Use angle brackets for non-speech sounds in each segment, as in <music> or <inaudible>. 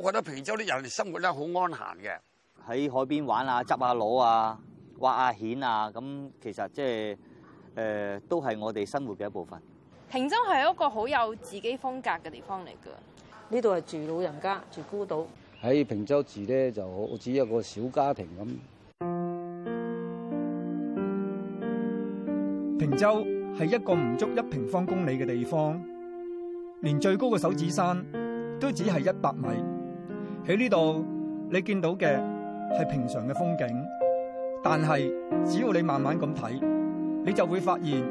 我覺得坪洲啲人生活咧，好安閒嘅，喺海邊玩啊，執下螺啊，挖下、啊、蜆啊，咁其實即係誒都係我哋生活嘅一部分。坪洲係一個好有自己風格嘅地方嚟噶，呢度係住老人家，住孤島。喺坪洲住咧，就好似一個小家庭咁。坪洲係一個唔足一平方公里嘅地方，連最高嘅手指山都只係一百米。喺呢度，你見到嘅係平常嘅風景，但係只要你慢慢咁睇，你就會發現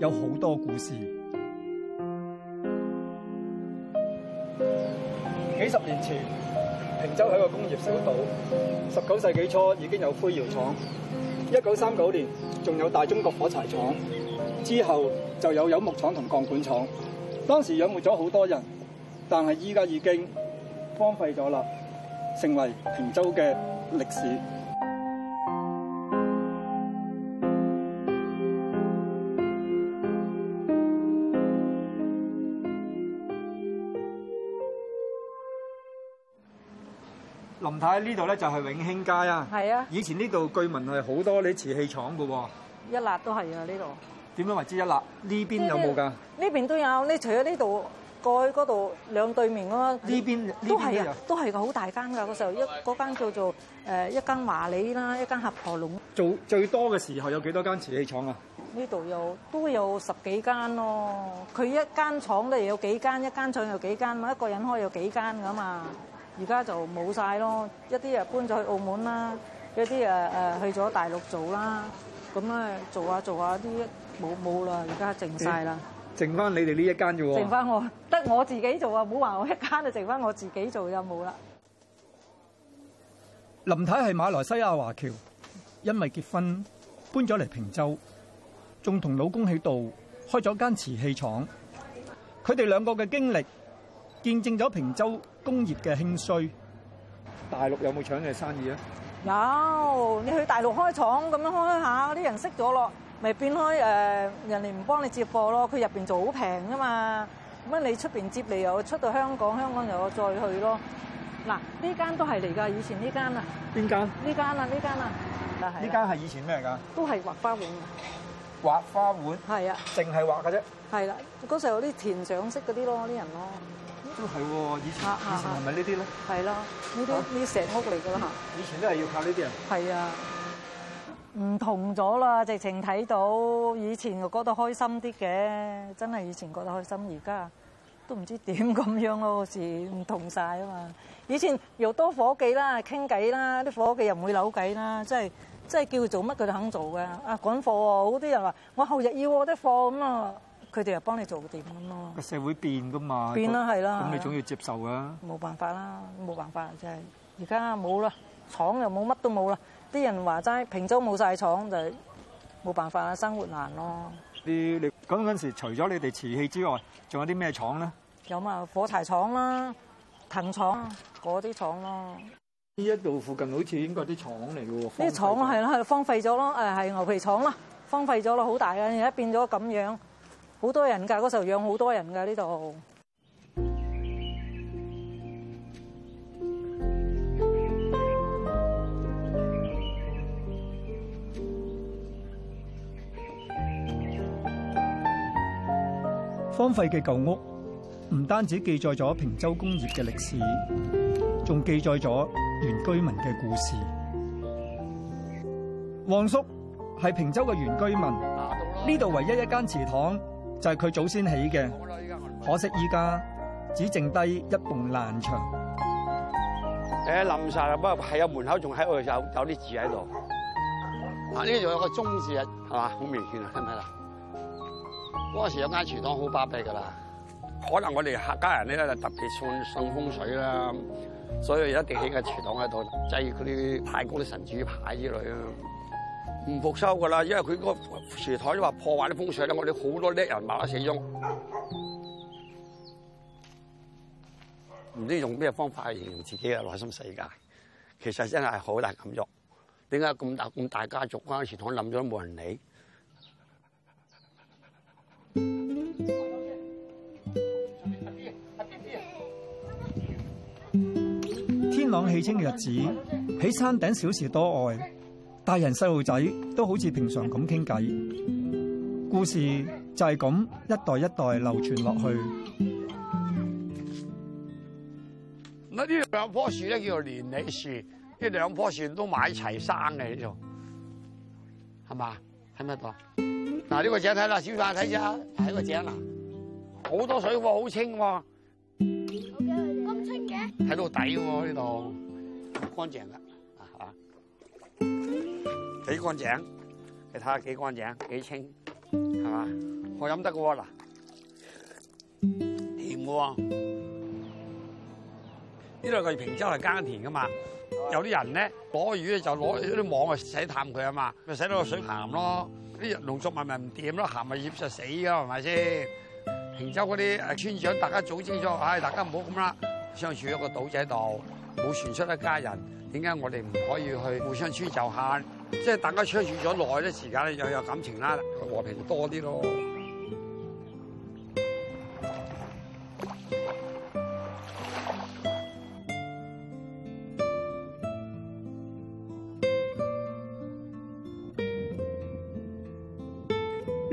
有好多故事。幾十年前，坪洲係一個工業小島。十九世紀初已經有灰窯廠，一九三九年仲有大中國火柴廠，之後就有有木廠同鋼管廠。當時養活咗好多人，但係依家已經荒廢咗啦。成為坪洲嘅歷史。林太，呢度咧就係永興街啊？係啊，啊，以前呢度據聞係好多啲瓷器廠㗎喎，一立都係啊，呢度點樣為之一立？呢邊有冇㗎？呢邊都有，你除咗呢度。改嗰度兩對面咯，呢邊呢邊啊，都係啊，都係個好大間㗎嗰時候，一嗰間叫做誒一間華里啦，一間合破龍。做最多嘅時候有幾多間瓷器廠啊？呢度有都有十幾間咯，佢一間廠都有幾間，一間廠有幾間嘛，一個人開有幾間㗎嘛。而家就冇曬咯，一啲人搬咗去澳門啦，有啲誒誒去咗大陸做啦，咁咧做下做下啲冇冇啦，而家淨曬啦。剩翻你哋呢一間啫喎！剩翻我，得我自己做啊！唔好話我一間就剩翻我自己做就冇啦。林太係馬來西亞華僑，因為結婚搬咗嚟坪洲，仲同老公喺度開咗間瓷器廠。佢哋兩個嘅經歷，見證咗坪洲工業嘅興衰。大陸有冇搶嘅生意啊？有，你去大陸開廠咁樣開下，啲人識咗咯。咪變開誒、呃，人哋唔幫你接貨咯，佢入邊就好平噶嘛，咁啊你出邊接嚟又出到香港，香港又再去咯。嗱，呢間都係嚟㗎，以前呢間啊。邊間？呢間啊，呢間啊，係。呢間係以前咩㗎？都係畫花，花碗。畫花碗？係啊。淨係畫㗎啫。係啦、啊，嗰時候有啲田掌式嗰啲咯，啲人咯。都係喎、哦，以前以前係咪呢啲咧？係、啊、咯，呢啲呢石屋嚟㗎啦嚇。以前都係、啊啊、要靠呢啲啊。係啊。唔同咗啦，直情睇到以前就覺得開心啲嘅，真係以前覺得開心，而家都唔知點咁樣咯，好似唔同晒啊嘛！以前又多伙計啦，傾偈啦，啲伙計又唔會扭計啦，即係即係叫佢做乜佢就肯做嘅。啊，趕貨喎，好啲人話我後日要我啲貨咁啊，佢哋又幫你做掂咁咯。個社會變噶嘛，變啦係啦，咁你總要接受嘅。冇辦法啦，冇辦法就係而家冇啦，廠又冇，乜都冇啦。啲人話齋，坪洲冇晒廠就冇辦法啦，生活難咯。你你咁嗰陣時，除咗你哋瓷器之外，仲有啲咩廠咧？有嘛火柴廠啦、藤廠嗰啲廠咯。呢一度附近好似應該啲廠嚟嘅喎。呢啲廠係咯，係荒廢咗咯。誒係、啊、牛皮廠啦，荒廢咗咯，好大嘅而家變咗咁樣，好多人㗎嗰時候養好多人㗎呢度。荒廢嘅舊屋，唔單止記載咗坪洲工業嘅歷史，仲記載咗原居民嘅故事。黃叔係坪洲嘅原居民，呢度唯一一間祠堂就係佢祖先起嘅，可惜依家只剩低一棟爛牆。誒、哎，冧晒啦，不過係有門口仲喺度，有有啲字喺度。啊，呢度有個鍾字啊，係嘛，好明顯啊，係咪？睇嗰時有間祠堂好巴閉噶啦，可能我哋客家人咧就特別信信風水啦，所以一定起個祠堂喺度祭嗰啲牌，嗰啲神主牌之類啦。唔復修噶啦，因為佢嗰個祠堂都話破壞啲風水咧，我哋好多叻人馬上死咗。唔知用咩方法嚟形容自己嘅內心世界，其實真係好大感觸。點解咁大咁大家族間祠堂冧咗都冇人理？天朗氣清嘅日子，喺山頂小事多愛，大人細路仔都好似平常咁傾偈。故事就係咁一代一代流傳落去。嗱，呢兩棵樹咧叫做連理樹，即係兩棵樹都埋齊生嘅呢度，係嘛？喺咪度啊？嗱、啊、呢、這個井睇啦，小凡睇下，睇個井嗱、啊，好多水喎、哦，好清喎、哦。咁清嘅？睇到底喎呢度，乾淨啦，啊啊，幾乾淨，你睇下幾乾淨，幾清，係、哦嗯、嘛？我飲得嘅喎嗱，甜喎，呢兩個月坪洲係耕田嘅嘛，有啲人咧攞魚咧就攞啲網去洗探佢啊嘛，咪洗到個水鹹咯。嗯啲農作物咪唔掂咯，鹹咪醃就死噶，係咪先？坪洲嗰啲誒村長，大家早清楚，唉、哎，大家唔好咁啦，相處一個島仔度，冇傳出一家人，點解我哋唔可以去互相遷就下？即係大家相處咗耐咧時間咧，就有感情啦，和平多啲咯。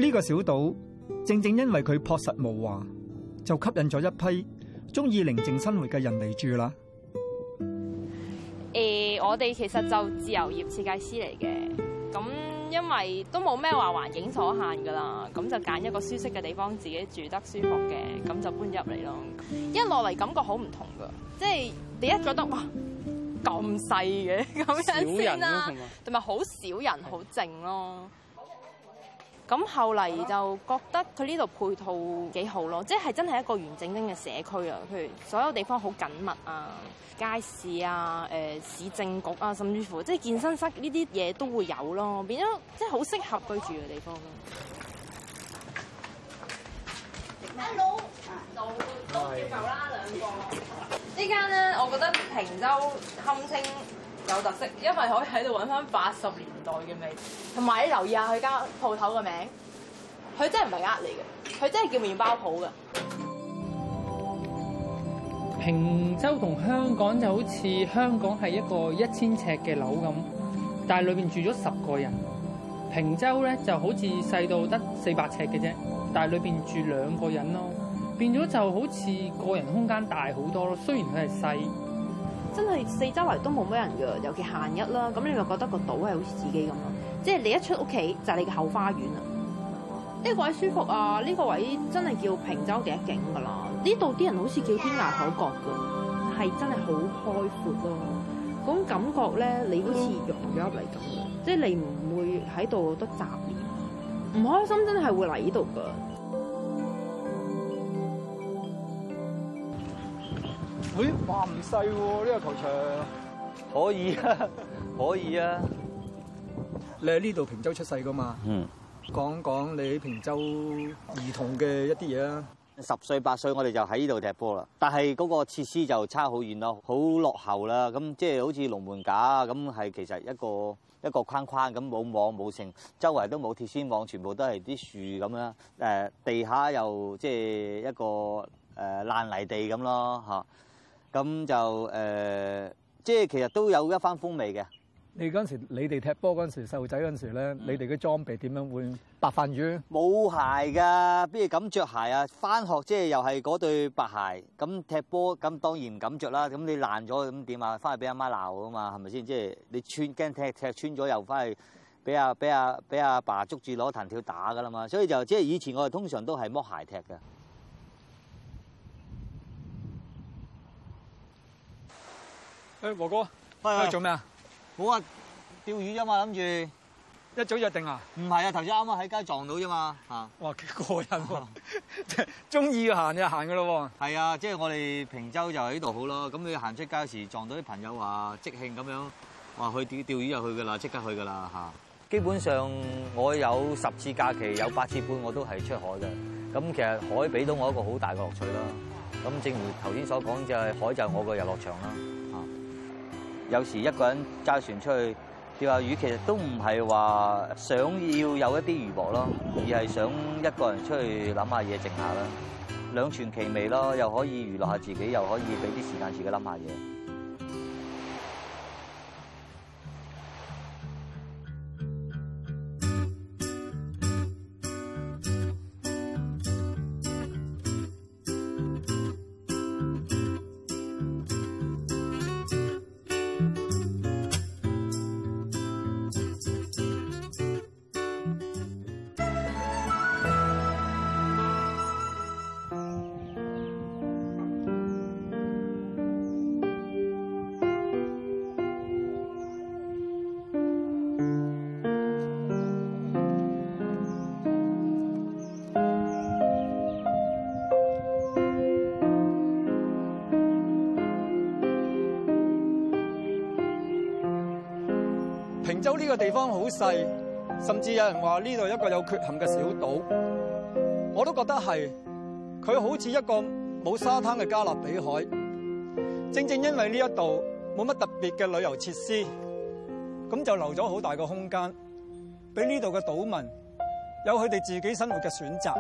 呢、這個小島正正因為佢樸實無華，就吸引咗一批中意寧靜生活嘅人嚟住啦。誒，我哋其實就自由業設計師嚟嘅，咁因為都冇咩話環境所限噶啦，咁就揀一個舒適嘅地方，自己住得舒服嘅，咁就搬入嚟咯。一落嚟感覺好唔同噶，即係你一覺得哇咁細嘅咁樣先啦，同埋好少人，好靜咯。咁後嚟就覺得佢呢度配套幾好咯，即係真係一個完整整嘅社區啊！譬如所有地方好緊密啊，街市啊、呃、市政局啊，甚至乎即係健身室呢啲嘢都會有咯，變咗即係好適合居住嘅地方咯。Hello，都要夠啦兩個。 <laughs> 呢間咧，我覺得坪洲堪稱。有特色，因為可以喺度揾翻八十年代嘅味。同埋你留意下佢間鋪頭嘅名，佢真係唔係呃你嘅，佢真係叫麪包鋪嘅。坪洲同香港就好似香港係一個一千尺嘅樓咁，但係裏邊住咗十個人。坪洲咧就好似細到得四百尺嘅啫，但係裏邊住兩個人咯，變咗就好似個人空間大好多咯。雖然佢係細。真係四周圍都冇咩人㗎，尤其閒日啦。咁你就覺得個島係好似自己咁咯，即係你一出屋企就係、是、你嘅後花園呢、嗯呢個位舒服啊，呢、呢個位真係叫坪洲嘅一景㗎啦。呢度啲人好似叫天涯海角㗎，係真係好開闊咯、啊。咁感覺咧，你好似融咗入嚟咁、嗯，即係你唔會喺度得雜念。唔開心真係會嚟呢度㗎。喂話唔細喎呢個球場，可以啊，可以啊。 <laughs> 你喺呢度坪洲出世噶嘛？嗯。講講你喺坪洲兒童嘅一啲嘢啊。十歲八歲我哋就喺呢度踢波啦，但係嗰個設施就差好遠咯，好落後啦。咁即係好似龍門架咁，係其實一個一個框框咁，冇網冇繩，周圍都冇鐵絲網，全部都係啲樹咁樣。誒，地下又即係一個誒爛泥地咁咯，吓。咁就誒、呃，即係其實都有一番風味嘅。你嗰陣時候，的時候嗯、你哋踢波嗰陣時，細路仔嗰陣時咧，你哋嘅裝備點樣換，白飯魚？冇鞋㗎，邊度敢着鞋啊？翻學即係又係嗰對白鞋，咁踢波咁當然唔敢着啦。咁你爛咗咁點啊？翻去俾阿媽鬧啊嘛，係咪先？即係你穿驚踢踢穿咗又翻去俾阿俾阿俾阿爸捉住攞藤條打㗎啦嘛。所以就即係以前我哋通常都係剝鞋踢嘅。誒、哎，哥哥，哎、呀你做咩啊？好啊，釣魚啫嘛，諗住一早就定啊？唔係啊，頭先啱啱喺街撞到啫嘛嚇。哇！幾過癮喎，即係中意行就行噶咯喎。係啊，即、就、係、是、我哋坪洲就喺度好咯。咁你行出街時撞到啲朋友話即興咁樣話去釣釣魚入去噶啦，即刻去噶啦嚇。基本上我有十次假期有八次半我都係出海嘅。咁其實海俾到我一個好大嘅樂趣啦。咁正如頭先所講，就係、是、海就係我個遊樂場啦。嗯有時一個人揸船出去，釣下魚，其實都唔係話想要有一啲娛樂咯，而係想一個人出去諗下嘢靜下啦，兩全其美咯，又可以娛樂下自己，又可以俾啲時間自己諗下嘢。洲、這、呢個地方好細，甚至有人話呢度一個有缺陷嘅小島，我都覺得係佢好似一個冇沙灘嘅加勒比海。正正因為呢一度冇乜特別嘅旅遊設施，咁就留咗好大嘅空間俾呢度嘅島民有佢哋自己生活嘅選擇。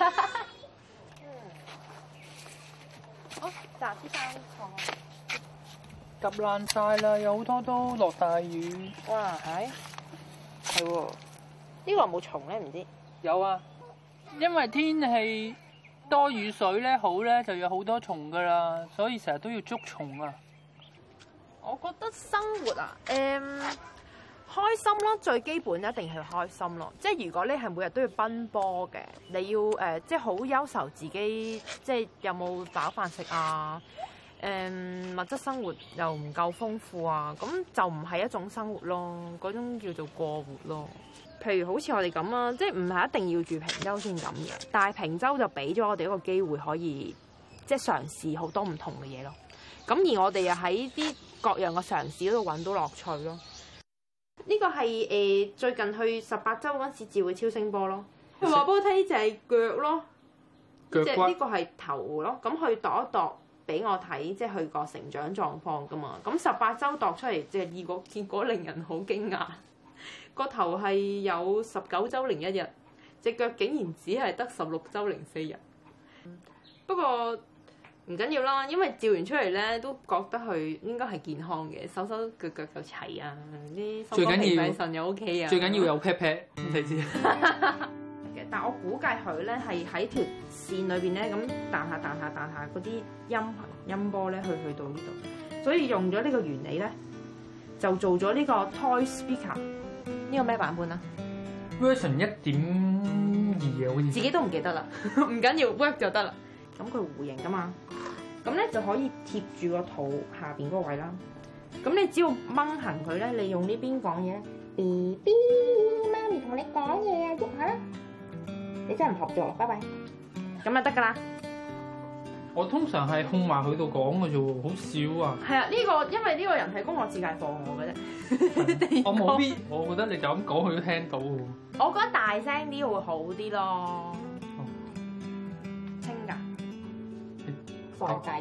<laughs> 哦，雜啲生蟲，夾爛晒啦，有好多都落大雨。哇，係、哎，係喎、哦，這個、有蟲呢個冇蟲咧，唔知有啊，因為天氣多雨水咧，好咧就有好多蟲噶啦，所以成日都要捉蟲啊。我覺得生活啊，誒、嗯。開心咯，最基本一定係開心咯。即係如果你係每日都要奔波嘅，你要誒、呃，即係好憂愁自己，即係有冇飽飯食啊？誒、呃，物質生活又唔夠豐富啊，咁就唔係一種生活咯。嗰種叫做過活咯。譬如好似我哋咁啊，即係唔係一定要住坪洲先咁嘅，但係坪洲就俾咗我哋一個機會，可以即係嘗試好多唔同嘅嘢咯。咁而我哋又喺啲各樣嘅嘗試嗰度揾到樂趣咯。呢、這個係誒、呃、最近去十八週嗰時照嘅超聲波咯，佢話幫我睇隻腳咯，即係呢個係頭咯。咁佢度一度畀我睇，即係佢個成長狀況㗎嘛。咁十八週度出嚟，即係結果，結果令人好驚訝。個 <laughs> 頭係有十九週零一日，隻腳竟然只係得十六週零四日。嗯、不過。唔緊要啦，因為照完出嚟咧，都覺得佢應該係健康嘅，手手腳腳又齊啊，啲心肝脾腎又 OK 啊，最緊要有 pat pat，唔使知？ <laughs> 但係我估計佢咧係喺條線裏邊咧，咁彈下彈下彈下嗰啲音音波咧，去去到呢度，所以用咗呢個原理咧，就做咗呢個 toy speaker，呢個咩版本啊？Version 一點二啊，好似自己 <laughs> 都唔記得啦，唔緊要 work 就得啦。咁佢弧形噶嘛，咁咧就可以貼住個肚下邊嗰位啦。咁你只要掹痕佢咧，你用呢邊講嘢，B B，媽咪同你講嘢啊，喐下啦，你真係唔合作，拜拜。咁啊得噶啦。我通常係控埋佢度講嘅啫，好少啊。係啊，呢、這個因為呢個人體工學設界設計放我嘅啫。我冇必，我覺得，、嗯、 <laughs> 我沒有 <laughs> 我覺得你就咁講佢都聽到。我覺得大聲啲會好啲咯。傻仔，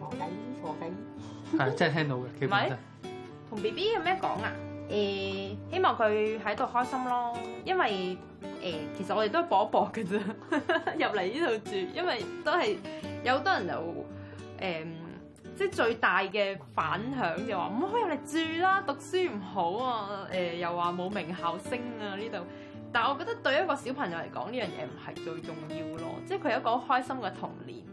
傻仔，傻仔，係 <laughs> 真係聽到嘅。同 B B 有咩講啊？誒、欸，希望佢喺度開心咯。因為誒、欸，其實我哋都係搏一搏嘅啫。入嚟呢度住，因為都係有好多人有誒，即、欸、係、就是、最大嘅反響就話唔可以入嚟住啦，讀書唔好啊。誒、欸，又話冇名校升啊呢度。但係我覺得對一個小朋友嚟講，呢樣嘢唔係最重要咯。即係佢有一個開心嘅童年。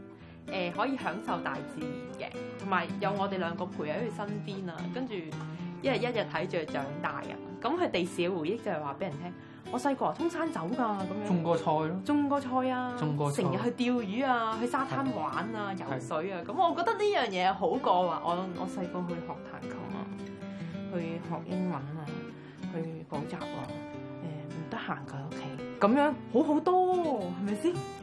誒、呃、可以享受大自然嘅，同埋有我哋兩個陪喺佢身邊啊，跟住一日一日睇住佢長大啊。咁佢地少回憶就係話俾人聽，我細個啊通山走㗎，咁樣種過菜咯，種過菜啊，成日去釣魚啊，去沙灘玩啊，游水啊。咁我覺得呢樣嘢好過話我我細個去學彈琴啊，去學英文啊，去補習啊，誒、呃、唔得閒喺屋企，咁樣好好多，係咪先？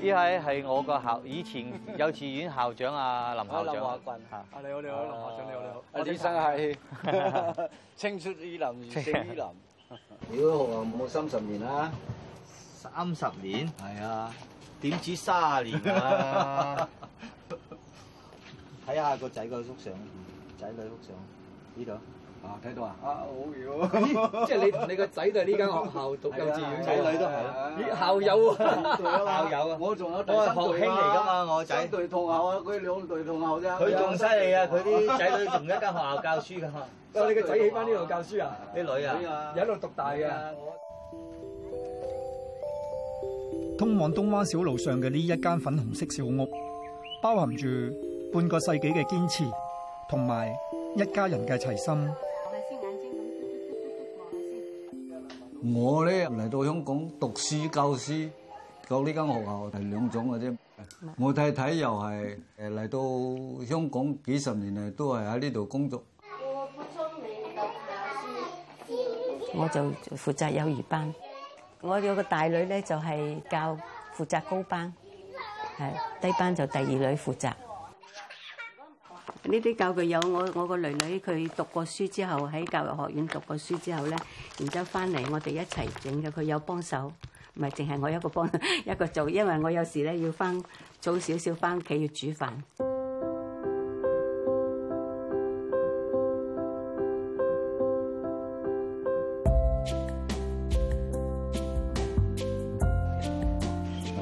呢位係我個校以前幼稚園校長啊林校長 <laughs> 林君啊，你好你好、啊、林校長你好你好，我先生係青出於林盛於林，你好，我冇三十年啦，三十年，係啊，點止卅年啊？睇下個仔個相，仔女相呢度。啊！睇到啊！好啊好、哎、即係你同你個仔都係呢間學校讀幼稚園，仔、 <laughs> 啊、女都係校友啊，校友，啊，校友啊，我仲有對校兄弟㗎嘛！我仔對對同學啊，佢兩對同學啫。佢仲犀利啊！佢啲仔女同一間學校教書㗎嘛？所以個仔起翻呢度教書啊！你女啊，有一路讀大嘅、啊。通往東灣小路上嘅呢一間粉紅色小屋，包含住半個世紀嘅堅持，同埋一家人嘅齊心。我咧嚟到香港讀書教書，教呢間學校係兩種嘅啫。我太太又係誒嚟到香港幾十年嚟都係喺呢度工作。我就負責幼兒班，我有個大女咧就係教負責高班，係低班就第二女負責。呢啲教具有我，我個女女佢讀過書之後，喺教育學院讀過書之後咧，然之後翻嚟，我哋一齊整嘅。佢有幫手，唔係淨係我一個幫一個做，因為我有時咧要翻早少少翻屋企要煮飯。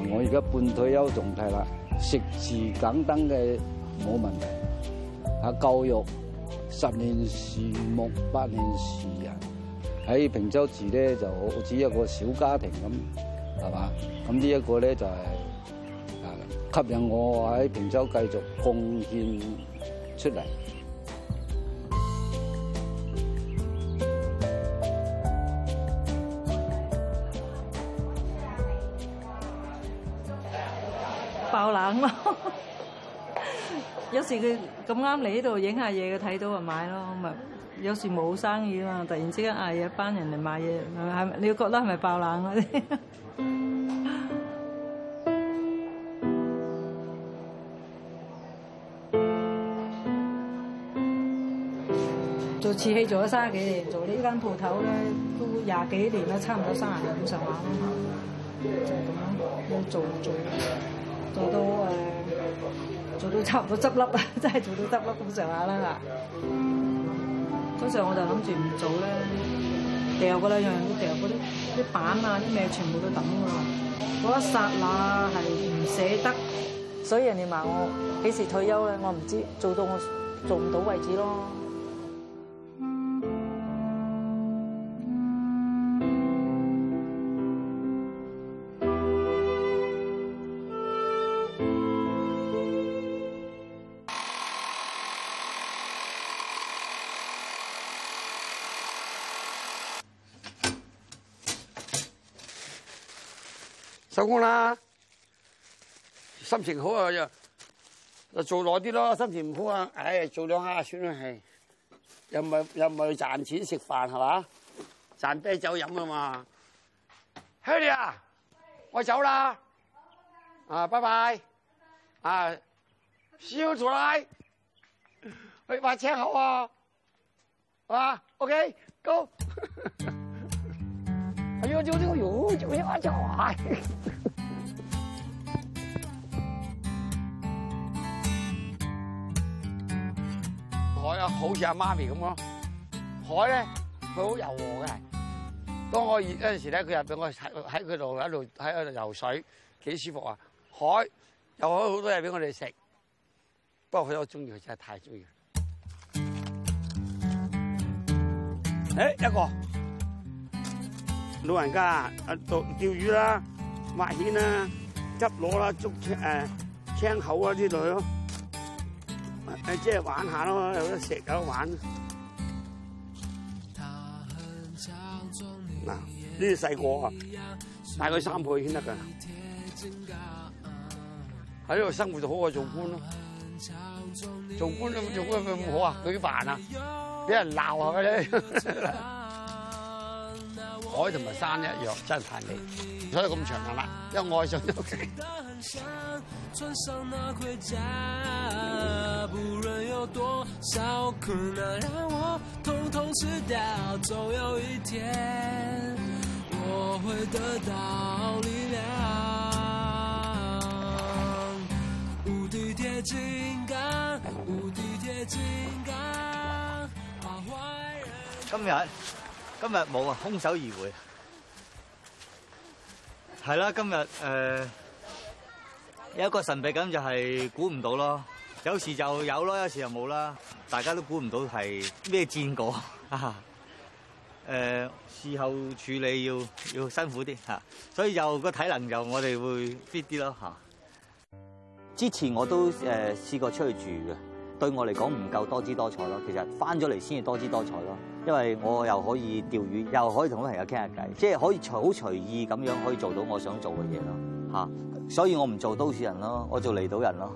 我而家半退休狀態啦，食字簡單嘅冇問題。啊！教育十年樹木，百年樹人。喺平洲住咧，就好似一個小家庭咁，係嘛？咁呢一個咧就係啊，吸引我喺平洲繼續貢獻出嚟。爆冷了。啦！時佢咁啱嚟呢度影下嘢，佢睇到就買咯。咁咪，有時冇生意啊嘛，突然之間嗌一班人嚟買嘢，係咪？你覺得係咪爆冷嗰啲？ <laughs> 做瓷器做咗卅幾年，做呢間鋪頭咧都廿幾年啦，差唔多卅年咁上下咯，就咁、係、咯，做就做，做到誒。呃做到差唔多執笠啦，真係做到執笠咁上下啦。嗰時候我就諗住唔做啦，掉噶啦，樣樣都掉。嗰啲啲板啊，啲咩全部都抌噶。嗰一剎那係唔捨得，所以人哋話我幾時退休咧，我唔知做到我做唔到位置咯。收工啦，心情好啊就就做耐啲咯，心情唔好啊，唉，做兩下算啦，係又唔係又唔係賺錢食飯，係嘛？賺啤酒飲啊嘛。Harry 啊，我走啦，啊拜拜，啊笑住嚟，你把車好啊，啊 OK go。哎呀！我呢個又叫咩啊？海。海啊，好似阿媽咪咁咯。海咧，佢好柔和嘅。當我熱嗰陣時咧，佢入到我喺佢度喺度喺度游水，幾舒服啊！海又有好多嘢俾我哋食。不過佢都中意，佢真係太中意。誒、欸，一個。老人家啊，釣魚啦，滑蜆啦，執螺啦，捉誒青口啊之類咯，即係玩下咯，有得食有得玩。呢啲細個啊，大佢三倍先得噶。喺呢度生活就好過做官咯。做官做咩唔好啊？女煩啊？俾人鬧啊？咩？海同埋山一樣，真係太美。所以咁長噶啦，因、嗯、為愛上咗佢、嗯。今日。今日冇啊，空手而回。係啦，今日誒、呃、有一個神秘感，就係估唔到咯。有時就有咯，有時又冇啦。大家都估唔到係咩戰果啊、呃！事後處理要要辛苦啲嚇，所以就個體能就我哋會 fit 啲咯嚇。之前我都誒、呃、試過出去住嘅，對我嚟講唔夠多姿多彩咯。其實翻咗嚟先至多姿多彩咯。因為我又可以釣魚，又可以同朋友傾下偈，即係可以好隨意咁樣可以做到我想做嘅嘢咯，吓，所以我唔做都市人咯，我做離島人咯。